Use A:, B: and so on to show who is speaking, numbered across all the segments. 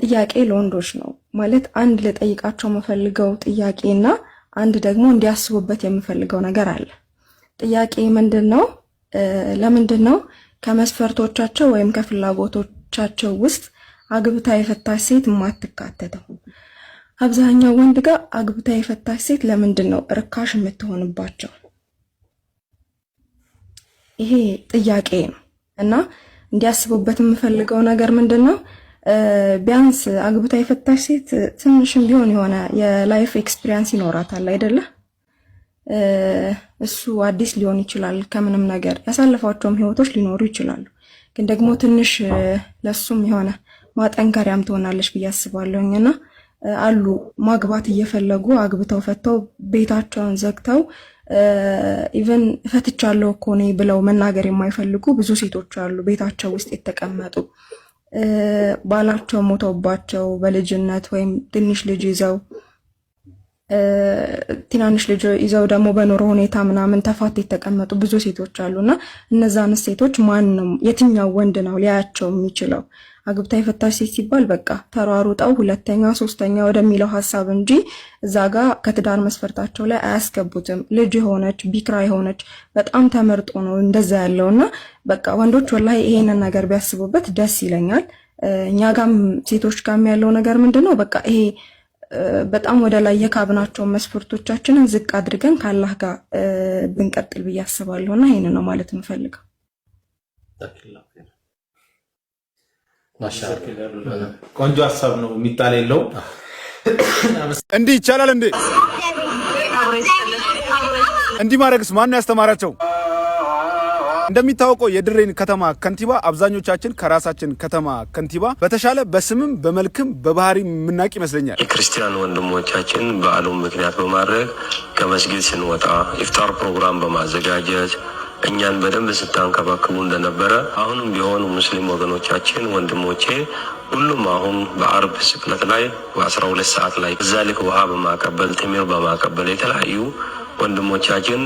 A: ጥያቄ ለወንዶች ነው ማለት አንድ ልጠይቃቸው የምፈልገው ጥያቄ እና አንድ ደግሞ እንዲያስቡበት የምፈልገው ነገር አለ። ጥያቄ ምንድን ነው? ለምንድን ነው ከመስፈርቶቻቸው ወይም ከፍላጎቶቻቸው ውስጥ አግብታ የፈታች ሴት የማትካተተው? አብዛኛው ወንድ ጋር አግብታ የፈታች ሴት ለምንድን ነው ርካሽ የምትሆንባቸው? ይሄ ጥያቄ ነው እና እንዲያስቡበት የምፈልገው ነገር ምንድን ነው ቢያንስ አግብታ የፈታች ሴት ትንሽም ቢሆን የሆነ የላይፍ ኤክስፒሪየንስ ይኖራታል አይደለ? እሱ አዲስ ሊሆን ይችላል። ከምንም ነገር ያሳለፏቸውም ህይወቶች ሊኖሩ ይችላሉ። ግን ደግሞ ትንሽ ለሱም የሆነ ማጠንከሪያም ትሆናለች ብዬ አስባለሁኝ እና አሉ ማግባት እየፈለጉ አግብተው ፈተው ቤታቸውን ዘግተው ኢቨን ፈትቻለሁ እኮ እኔ ብለው መናገር የማይፈልጉ ብዙ ሴቶች አሉ ቤታቸው ውስጥ የተቀመጡ ባላቸው ሞቶባቸው በልጅነት ወይም ትንሽ ልጅ ይዘው ትናንሽ ልጅ ይዘው ደግሞ በኑሮ ሁኔታ ምናምን ተፋት የተቀመጡ ብዙ ሴቶች አሉና እነዛን ሴቶች ማን ነው የትኛው ወንድ ነው ሊያያቸው የሚችለው? አግብታ የፈታች ሴት ሲባል በቃ ተሯሩጠው ሁለተኛ ሶስተኛ ወደሚለው ሀሳብ እንጂ እዛ ጋ ከትዳር መስፈርታቸው ላይ አያስገቡትም። ልጅ የሆነች ቢክራ የሆነች በጣም ተመርጦ ነው እንደዛ ያለው እና በቃ ወንዶች ወላሂ ይሄንን ነገር ቢያስቡበት ደስ ይለኛል። እኛ ጋም ሴቶች ጋም ያለው ነገር ምንድን ነው በቃ ይሄ በጣም ወደ ላይ የካብናቸውን መስፈርቶቻችንን ዝቅ አድርገን ከአላህ ጋር ብንቀጥል ብዬ አስባለሁ እና ይህን ነው ማለት የምፈልገው።
B: ቆንጆ ሀሳብ ነው፣ የሚጣል የለው።
C: እንዲህ ይቻላል እንዴ? እንዲህ ማድረግስ ማን ያስተማራቸው? እንደሚታወቀው የድሬን ከተማ ከንቲባ አብዛኞቻችን ከራሳችን ከተማ ከንቲባ በተሻለ በስምም በመልክም በባህሪ የምናቅ ይመስለኛል።
D: የክርስቲያን ወንድሞቻችን በዓሉን ምክንያት በማድረግ ከመስጊድ ስንወጣ ኢፍጣር ፕሮግራም በማዘጋጀት እኛን በደንብ ስታንከባክቡ እንደነበረ አሁንም ቢሆኑ ሙስሊም ወገኖቻችን ወንድሞቼ ሁሉም አሁን በአርብ ስቅለት ላይ በአስራ ሁለት ሰዓት ላይ እዛ ልክ ውሃ በማቀበል ትሚር በማቀበል የተለያዩ ወንድሞቻችን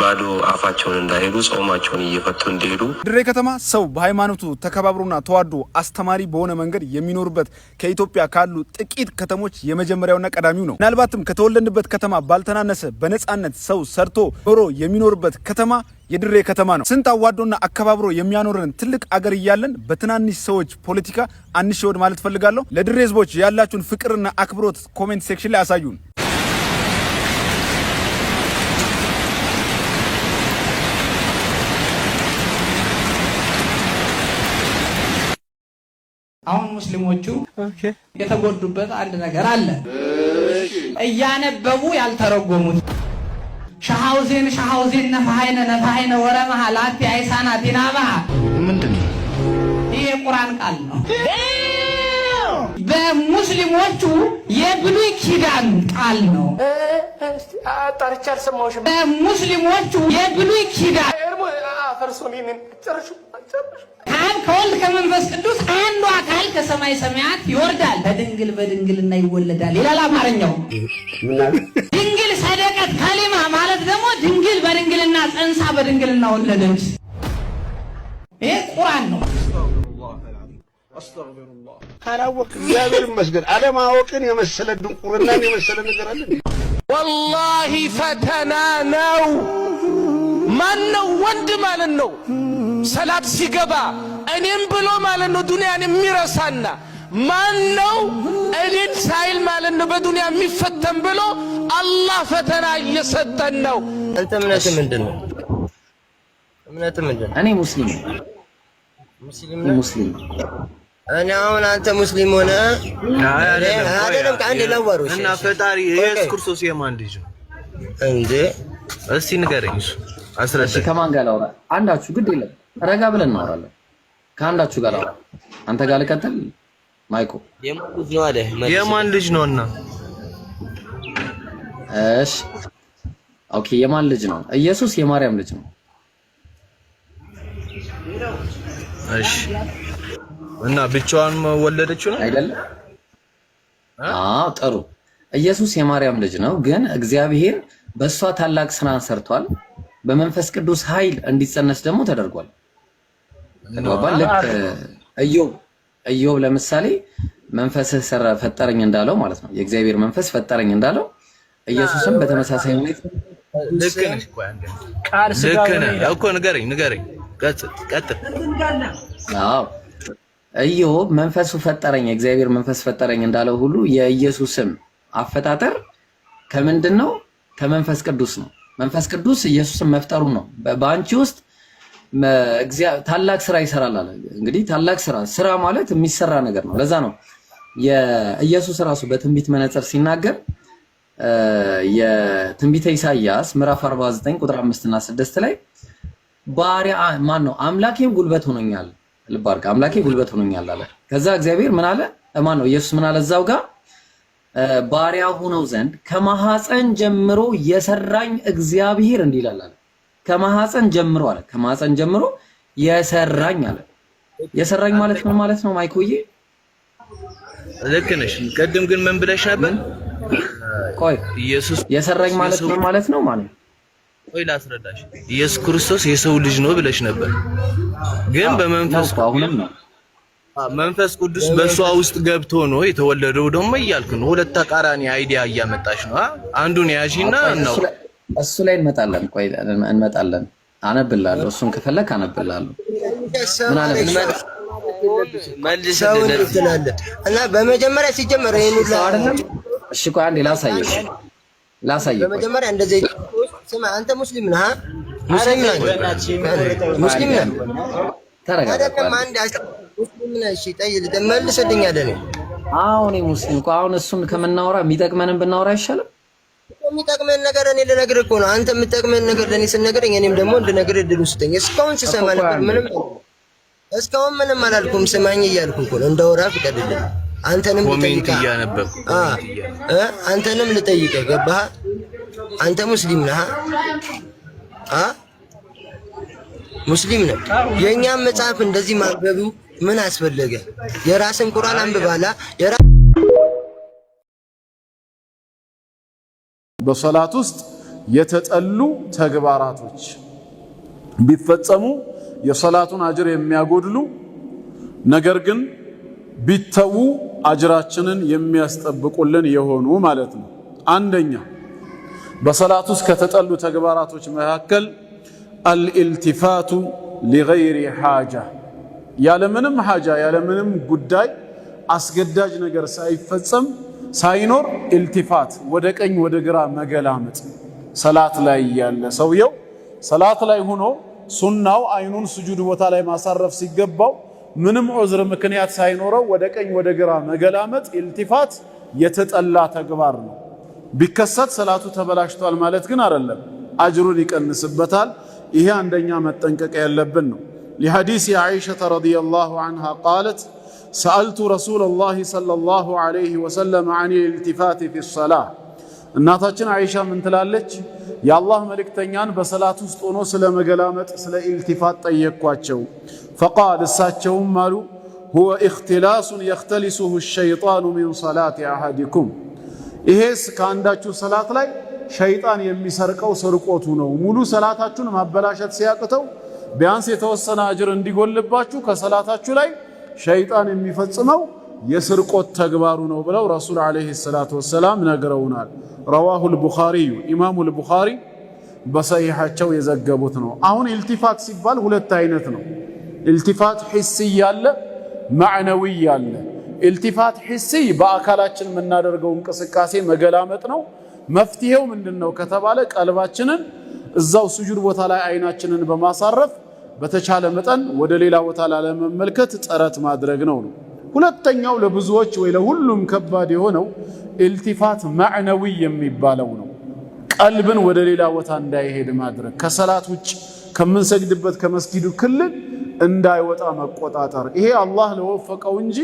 D: ባዶ አፋቸውን እንዳይሄዱ ጾማቸውን እየፈቱ እንዲሄዱ።
C: ድሬ ከተማ ሰው በሃይማኖቱ ተከባብሮና ተዋዶ አስተማሪ በሆነ መንገድ የሚኖርበት ከኢትዮጵያ ካሉ ጥቂት ከተሞች የመጀመሪያውና ቀዳሚው ነው። ምናልባትም ከተወለድንበት ከተማ ባልተናነሰ በነፃነት ሰው ሰርቶ ኖሮ የሚኖርበት ከተማ የድሬ ከተማ ነው። ስንት አዋዶና አከባብሮ የሚያኖረን ትልቅ አገር እያለን በትናንሽ ሰዎች ፖለቲካ አንሸወድ ማለት ፈልጋለሁ። ለድሬ ህዝቦች ያላችሁን ፍቅርና አክብሮት ኮሜንት ሴክሽን ላይ አሳዩን።
E: አሁን ሙስሊሞቹ የተጎዱበት አንድ ነገር አለ። እያነበቡ ያልተረጎሙት ሻሐውዜን ሻሐውዜን ነፋሃይነ ነፋሃይነ ወረመሃ አቲ አይሳና ቲናባሃ ምንድን ነው ይህ? የቁርአን ቃል ነው። በሙስሊሞቹ የብሉይ ኪዳን ቃል ነው። ጠርቻ አልሰማሁሽም። በሙስሊሞቹ የብሉይ ኪዳን አፈርሶ እኔን ጨርሹ ጨርሹ ከአብ ከወልድ ከመንፈስ ቅዱስ አንዱ አካል ከሰማይ ሰማያት ይወርዳል፣ በድንግል በድንግልና ይወለዳል ይላል አማርኛው። ድንግል ሰደቀት ከሊማ ማለት ደግሞ ድንግል በድንግልና ጸንሳ በድንግልና ወለደች። ይሄ ቁርአን ነው። ካላወቅ እግዚአብሔር ይመስገን። አለማወቅን የመሰለ ድንቁርናን የመሰለ ነገር አለ። ወላሂ ፈተና ነው። ማነው ወንድ ማለት ነው ሰላት ሲገባ እኔም ብሎ ማለት ነው ዱንያን የሚረሳና ማነው እኔን ሳይል ማለት ነው በዱንያ የሚፈተን ብሎ አላህ ፈተና እየሰጠን ነው። አንተ እምነት ምንድን ነው?
F: እምነት ምንድን ነው? እኔ ሙስሊም ሙስሊም ሙስሊም እኔ አሁን አንተ ሙስሊም ሆነ
G: አይደለም ከአንድ ለወሩ እና ፈጣሪ ኢየሱስ ክርስቶስ የማን ልጅ ነው እንዴ? እስቲ ንገረኝ
F: ከማን ጋር ላውራ? አንዳችሁ ግድ የለም ረጋ ብለን እናወራለን። ከአንዳችሁ ጋር ላውራ። አንተ ጋር ልቀጥል። ማይኮ
G: የማን ልጅ ነው? እና
F: እሺ፣ ኦኬ፣ የማን ልጅ ነው? ኢየሱስ የማርያም ልጅ ነው።
G: እሺ፣ እና ብቻዋን ወለደችው ነው አይደለ?
F: አዎ፣ ጥሩ። ኢየሱስ የማርያም ልጅ ነው፣ ግን እግዚአብሔር በእሷ ታላቅ ስራን ሰርቷል። በመንፈስ ቅዱስ ኃይል እንዲጸነስ ደግሞ ተደርጓል። ተግባባን። ልክ ኢዮብ ኢዮብ ለምሳሌ መንፈስህ ሰራ ፈጠረኝ እንዳለው ማለት ነው። የእግዚአብሔር መንፈስ ፈጠረኝ እንዳለው ኢየሱስም በተመሳሳይ ሁኔታ ልክ
G: ነህ እኮ ንገረኝ፣ ንገረኝ፣ ቀጥል።
F: አዎ ኢዮብ መንፈሱ ፈጠረኝ፣ የእግዚአብሔር መንፈስ ፈጠረኝ እንዳለው ሁሉ የኢየሱስም አፈጣጠር ከምንድን ነው? ከመንፈስ ቅዱስ ነው። መንፈስ ቅዱስ ኢየሱስን መፍጠሩ ነው። በአንቺ ውስጥ ታላቅ ስራ ይሰራል አለ። እንግዲህ ታላቅ ስራ ስራ ማለት የሚሰራ ነገር ነው። ለዛ ነው የኢየሱስ ራሱ በትንቢት መነጽር ሲናገር የትንቢተ ኢሳያስ ምዕራፍ 49 ቁጥር 5 እና 6 ላይ ባሪያ ማን ነው? አምላኬም ጉልበት ሆኖኛል። ልባርክ አምላኬ ጉልበት ሆኖኛል አለ። ከዛ እግዚአብሔር ምን አለ? ማን ነው? ኢየሱስ ምን አለ እዛው ጋር ባሪያ ሆነው ዘንድ ከማሐፀን ጀምሮ የሰራኝ እግዚአብሔር እንዲላል አለ። ከማሐፀን ጀምሮ አለ። ከማሐፀን ጀምሮ የሰራኝ አለ። የሰራኝ ማለት ምን ማለት ነው? ማይኮዬ
G: ልክ ነሽ። ቅድም ግን ምን ብለሻብን?
F: ቆይ ኢየሱስ የሰራኝ ማለት ምን ማለት ነው ማለት ቆይ
G: ላስረዳሽ። ኢየሱስ ክርስቶስ የሰው ልጅ ነው ብለሽ ነበር፣ ግን በመንፈስ አሁንም ነው መንፈስ ቅዱስ በእሷ ውስጥ ገብቶ ነው የተወለደው። ደግሞ እያልክ ነው፣ ሁለት ተቃራኒ አይዲያ እያመጣች ነው። አንዱን ያዥና ነው
F: እሱ ላይ እንመጣለን። ቆይ እንመጣለን። አነብላለሁ፣ እሱን ከፈለክ አነብላለሁ። ምን እና በመጀመሪያ ሲጀመር ይሄን እሺ ቆይ አንዴ ላሳየህ፣ ላሳየህ። በመጀመሪያ እንደዚህ ስማ፣ አንተ ሙስሊም ነህ? ሙስሊም ነህ? ሙስሊም ነህ? ተረጋጋ። ምን እሺ፣ ጠይቅ መልስልኝ አለ ነው። አሁን ሙስሊም እኮ አሁን እሱን ከምናወራ የሚጠቅመንን ብናወራ አይሻልም? የሚጠቅመን ነገር እኔ ልነግርህ እኮ ነው። አንተ የምጠቅመን ነገር ለእኔ ስነግረኝ እኔም ደግሞ እንድነግርህ እድል ስጠኝ። እስካሁን ስሰማ ነበር ምንም እስካሁን ምንም አላልኩም። ስማኝ እያልኩ እኮ ነው። እንዳወራ ፍቀድልኝ። አንተንም ልጠይቀህ አንተንም ልጠይቀህ ገባህ? አንተ ሙስሊም ነህ ሙስሊም ነህ። የእኛም መጽሐፍ እንደዚህ ማንበቡ ምን አስፈለገ? የራስን ቁርአን አንብባላ።
H: በሰላት ውስጥ የተጠሉ ተግባራቶች ቢፈጸሙ የሰላቱን አጅር የሚያጎድሉ ነገር ግን ቢተዉ አጅራችንን የሚያስጠብቁልን የሆኑ ማለት ነው። አንደኛ በሰላት ውስጥ ከተጠሉ ተግባራቶች መካከል አልኢልቲፋቱ ሊገይሪ ሓጃ ያለምንም ሀጃ ያለምንም ጉዳይ አስገዳጅ ነገር ሳይፈጸም ሳይኖር ኢልቲፋት ወደ ቀኝ ወደ ግራ መገላመጥ ሰላት ላይ ያለ ሰውየው ሰላት ላይ ሆኖ ሱናው አይኑን ስጁድ ቦታ ላይ ማሳረፍ ሲገባው ምንም ዑዝር ምክንያት ሳይኖረው ወደ ቀኝ ወደ ግራ መገላመጥ ኢልቲፋት የተጠላ ተግባር ነው። ቢከሰት ሰላቱ ተበላሽቷል ማለት ግን አይደለም፣ አጅሩን ይቀንስበታል። ይሄ አንደኛ መጠንቀቅ ያለብን ነው። لحديث عائشة رضي الله عنها قالت سألت رسول الله صلى الله عليه وسلم عن الالتفات في الصلاة እናታችን አይሻ ምን ትላለች? የአላህ መልእክተኛን በሰላት ውስጥ ሆኖ ስለ መገላመጥ ስለ ኢልቲፋት ጠየቅኳቸው። ፈቃል እሳቸውም አሉ ሁወ እክትላሱን የክተሊሱሁ ሸይጣኑ ሚን ሰላት አሃዲኩም፣ ይሄስ ከአንዳችሁ ሰላት ላይ ሸይጣን የሚሰርቀው ስርቆቱ ነው። ሙሉ ሰላታችሁን ማበላሸት ሲያቅተው ቢያንስ የተወሰነ አጅር እንዲጎልባችሁ ከሰላታችሁ ላይ ሸይጣን የሚፈጽመው የስርቆት ተግባሩ ነው ብለው ረሱል ዓለይሂ ሰላቱ ወሰላም ነግረውናል። ረዋሁል ቡኻሪዩ ኢማሙል ቡኻሪ በሰሒሓቸው የዘገቡት ነው። አሁን ኢልቲፋት ሲባል ሁለት አይነት ነው። ኢልቲፋት ሒስይ ያለ፣ ማዕነዊ ያለ። ኢልቲፋት ሒስይ በአካላችን የምናደርገው እንቅስቃሴ መገላመጥ ነው። መፍትሄው ምንድን ነው ከተባለ ቀልባችንን እዛው ስጁድ ቦታ ላይ አይናችንን በማሳረፍ በተቻለ መጠን ወደ ሌላ ቦታ ላለመመልከት ጥረት ማድረግ ነው ነው። ሁለተኛው ለብዙዎች ወይ ለሁሉም ከባድ የሆነው ኢልቲፋት ማዕነዊ የሚባለው ነው። ቀልብን ወደ ሌላ ቦታ እንዳይሄድ ማድረግ ከሰላት ውጭ ከምንሰግድበት ከመስጊዱ ክልል እንዳይወጣ መቆጣጠር። ይሄ አላህ ለወፈቀው እንጂ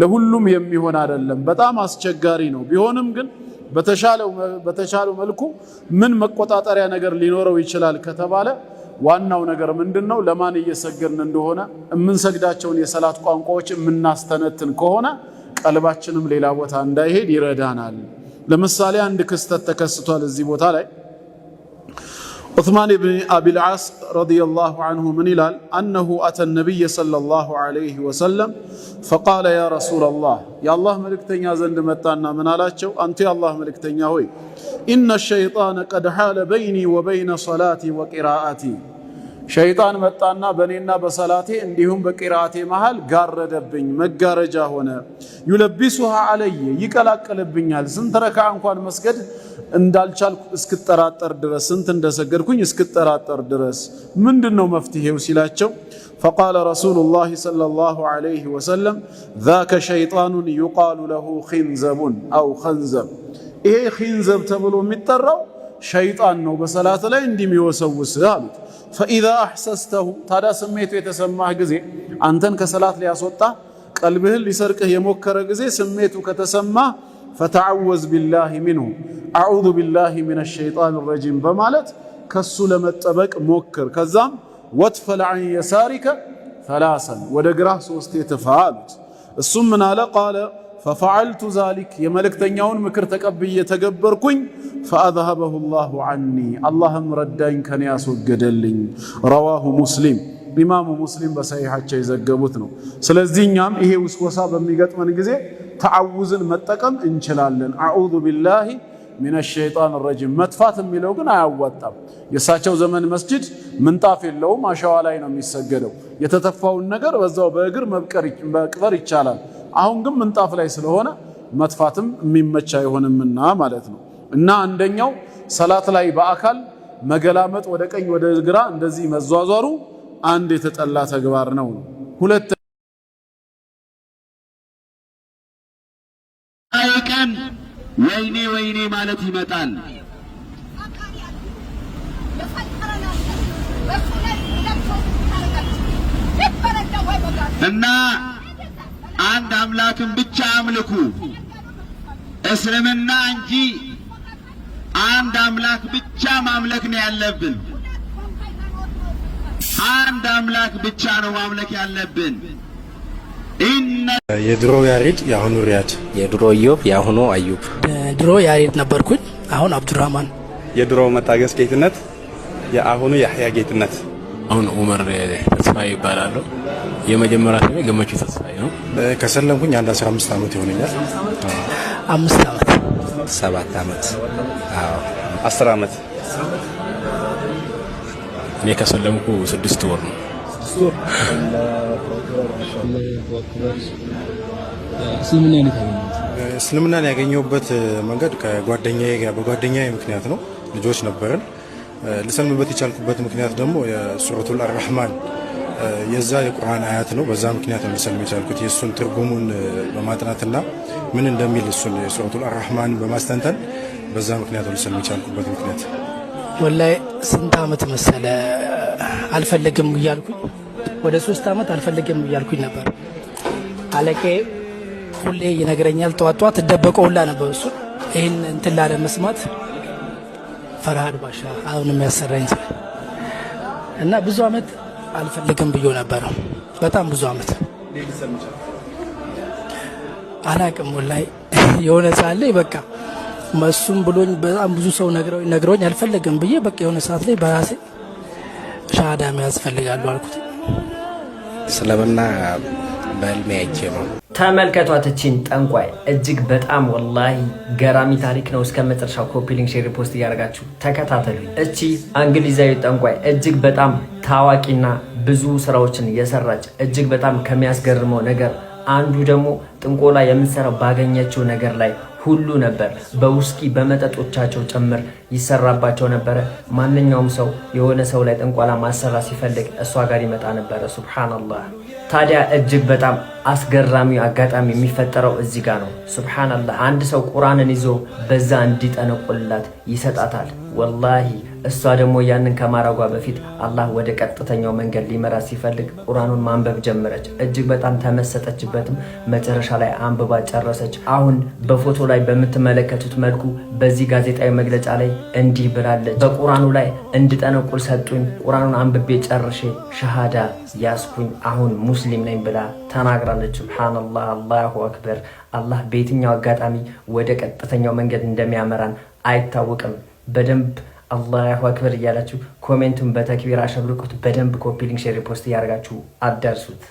H: ለሁሉም የሚሆን አይደለም። በጣም አስቸጋሪ ነው። ቢሆንም ግን በተሻለው መልኩ ምን መቆጣጠሪያ ነገር ሊኖረው ይችላል ከተባለ ዋናው ነገር ምንድን ነው? ለማን እየሰገድን እንደሆነ የምንሰግዳቸውን የሰላት ቋንቋዎች የምናስተነትን ከሆነ ቀልባችንም ሌላ ቦታ እንዳይሄድ ይረዳናል። ለምሳሌ አንድ ክስተት ተከስቷል እዚህ ቦታ ላይ ዑትማን ብን አቢልዓስ ረዲየላሁ አንሁ ምን ይላል? አነሁ አተ ነቢይ ሰለላሁ አለይህ ወሰለም ፈቃለ ያ ረሱለላህ፣ የአላህ መልእክተኛ ዘንድ መጣና ምን አላቸው? አንቱ የአላህ መልእክተኛ ሆይ ኢነ ሸይጣነ ቀድ ሓለ በይኒ ወበይነ ሰላቲ ወቂራአቲ፣ ሸይጣን መጣና በእኔና በሰላቴ እንዲሁም በቂራአቴ መሃል ጋረደብኝ፣ መጋረጃ ሆነ። ዩለቢሱሃ አለየ ይቀላቅልብኛል። ስንት ረክዓ እንኳን መስገድ እንዳልቻልኩ እስክጠራጠር ድረስ ስንት እንደሰገድኩኝ እስክጠራጠር ድረስ ምንድን ነው መፍትሄው ሲላቸው ፈቃለ ረሱሉላህ ሰለላሁ ዐለይሂ ወሰለም ዛከ ሸይጣኑን ዩቃሉ ለሁ ኺንዘቡን አው ኸንዘብ ይሄ ኺንዘብ ተብሎ የሚጠራው ሸይጣን ነው በሰላት ላይ እንዲሚወሰውስ አሉት። ፈኢዛ አሕሰስተሁ ታዲያ ስሜቱ የተሰማህ ጊዜ አንተን ከሰላት ሊያስወጣ ቀልብህን ሊሰርቅህ የሞከረ ጊዜ ስሜቱ ከተሰማህ ፈተዐወዝ ቢላሂ ሚንሁ አዑዙ ቢላሂ ሚነ ሸይጣን ረጂም በማለት ከሱ ለመጠበቅ ሞክር። ከዛም ወትፈል አን የሳሪከ ሰላሰን ወደ ግራህ ሶስቴ ትፋ አሉት። እሱም ምን አለ? ቃለ ፈፈዐልቱ ዛሊክ የመልእክተኛውን ምክር ተቀብዬ ተገበርኩኝ። ፈአዝሀበሁ ላሁ ዐኒ አላህም ረዳኝ ከኔ ያስወገደልኝ። ረዋሁ ሙስሊም ኢማሙ ሙስሊም በሰሒሓቸው የዘገቡት ነው። ስለዚህ እኛም ይሄ ውስወሳ በሚገጥመን ጊዜ ተዓውዝን መጠቀም እንችላለን። አዑዙ ቢላሂ ሚነ ሸይጣን ረጂም መጥፋት የሚለው ግን አያዋጣም። የእሳቸው ዘመን መስጅድ ምንጣፍ የለውም፣ አሸዋ ላይ ነው የሚሰገደው። የተተፋውን ነገር በዛው በእግር መቅበር ይቻላል። አሁን ግን ምንጣፍ ላይ ስለሆነ መጥፋትም የሚመች አይሆንምና ማለት ነው። እና አንደኛው ሰላት ላይ በአካል መገላመጥ፣ ወደ ቀኝ ወደ ግራ እንደዚህ መዟዟሩ አንድ የተጠላ ተግባር ነው። ሁለት
I: ወይኔ ወይኔ ማለት ይመጣል። እና አንድ አምላክን ብቻ አምልኩ እስልምና እንጂ አንድ አምላክ ብቻ ማምለክ ነው ያለብን። አንድ አምላክ ብቻ ነው ማምለክ ያለብን።
J: የድሮ ያሬድ የአሁኑ ሪያድ፣
K: የድሮ ኢዮብ የአሁኑ አዩብ።
L: ድሮ ያሬድ ነበርኩኝ፣ አሁን አብዱራህማን።
M: የድሮ መታገስ ጌትነት፣ የአሁኑ የአህያ ጌትነት።
N: አሁን ኡመር ተስፋዬ ይባላሉ። የመጀመሪያ ስሜ ገመቹ ተስፋዬ ነው።
O: ከሰለምኩኝ አንድ 15 ዓመት ይሆነኛል።
P: አምስት ዓመት፣
Q: ሰባት ዓመት፣
R: አስር ዓመት።
S: እኔ ከሰለምኩ ስድስት ወር ነው።
T: እስልምናን ያገኘሁበት መንገድ ከጓደኛዬ ጋር በጓደኛዬ ምክንያት ነው። ልጆች ነበርን። ልሰልምበት የቻልኩበት ምክንያት ደግሞ የሱረቱል አራህማን የዛ የቁርአን አያት ነው። በዛ ምክንያት ነው ልሰልም የቻልኩት የእሱን ትርጉሙን በማጥናትና ምን እንደሚል እሱን የሱረቱል አራህማን በማስተንተን በዛ ምክንያት ነው ልሰልም የቻልኩበት ምክንያት
U: ወላይ ስንት አመት መሰለ አልፈለግም እያልኩኝ ወደ ሶስት አመት አልፈለግም እያልኩኝ ነበር። አለቄ ሁሌ ይነግረኛል። ጠዋት ጠዋት ሁላ ነበር እሱ ይህን እንትን ላለ መስማት ፈርሃድ ባሻ አሁን የሚያሰራኝ እና ብዙ አመት አልፈልግም ብዮ ነበረው? በጣም ብዙ አመት አላቅም ወላይ የሆነ ሳለ በቃ መሱም ብሎኝ በጣም ብዙ ሰው ነግረውኝ አልፈለግም ብዬ በቃ የሆነ ሰዓት ላይ በራሴ ሻሃዳ መያዝ እፈልጋለሁ አልኩት።
V: እስልምና በህልሜ አይቼ ነው።
W: ተመልከቷት ጠንቋይ እጅግ በጣም ወላሂ ገራሚ ታሪክ ነው። እስከ መጨረሻው ኮፒሊንግ ሼር ፖስት እያደረጋችሁ ተከታተሉ። እቺ እንግሊዛዊ ጠንቋይ እጅግ በጣም ታዋቂና ብዙ ስራዎችን የሰራች እጅግ በጣም ከሚያስገርመው ነገር አንዱ ደግሞ ጥንቆላ የምትሰራው ባገኘችው ነገር ላይ ሁሉ ነበር። በውስኪ በመጠጦቻቸው ጭምር ይሰራባቸው ነበረ። ማንኛውም ሰው የሆነ ሰው ላይ ጥንቋላ ማሰራ ሲፈልግ እሷ ጋር ይመጣ ነበረ። ሱብሓነላህ። ታዲያ እጅግ በጣም አስገራሚ አጋጣሚ የሚፈጠረው እዚህ ጋር ነው። ሱብሓነላህ። አንድ ሰው ቁርአንን ይዞ በዛ እንዲጠነቁልላት ይሰጣታል። ወላሂ እሷ ደግሞ ያንን ከማረጓ በፊት አላህ ወደ ቀጥተኛው መንገድ ሊመራ ሲፈልግ ቁርአኑን ማንበብ ጀመረች። እጅግ በጣም ተመሰጠችበትም። መጨረሻ ላይ አንብባ ጨረሰች። አሁን በፎቶ ላይ በምትመለከቱት መልኩ በዚህ ጋዜጣዊ መግለጫ ላይ እንዲህ ብላለች። በቁርአኑ ላይ እንድጠነቁል ሰጡኝ። ቁርአኑን አንብቤ ጨርሼ ሸሃዳ ያስኩኝ። አሁን ሙስሊም ነኝ ብላ ተናግራለች። ሱብሃነላህ፣ አላሁ አክበር። አላህ በየትኛው አጋጣሚ ወደ ቀጥተኛው መንገድ እንደሚያመራን አይታወቅም። በደንብ አላሁ አክበር እያላችሁ ኮሜንቱን በተክቢር አሸብርቁት። በደንብ ኮፒ ሊንክ፣ ሼር፣ ፖስት እያደርጋችሁ አዳርሱት።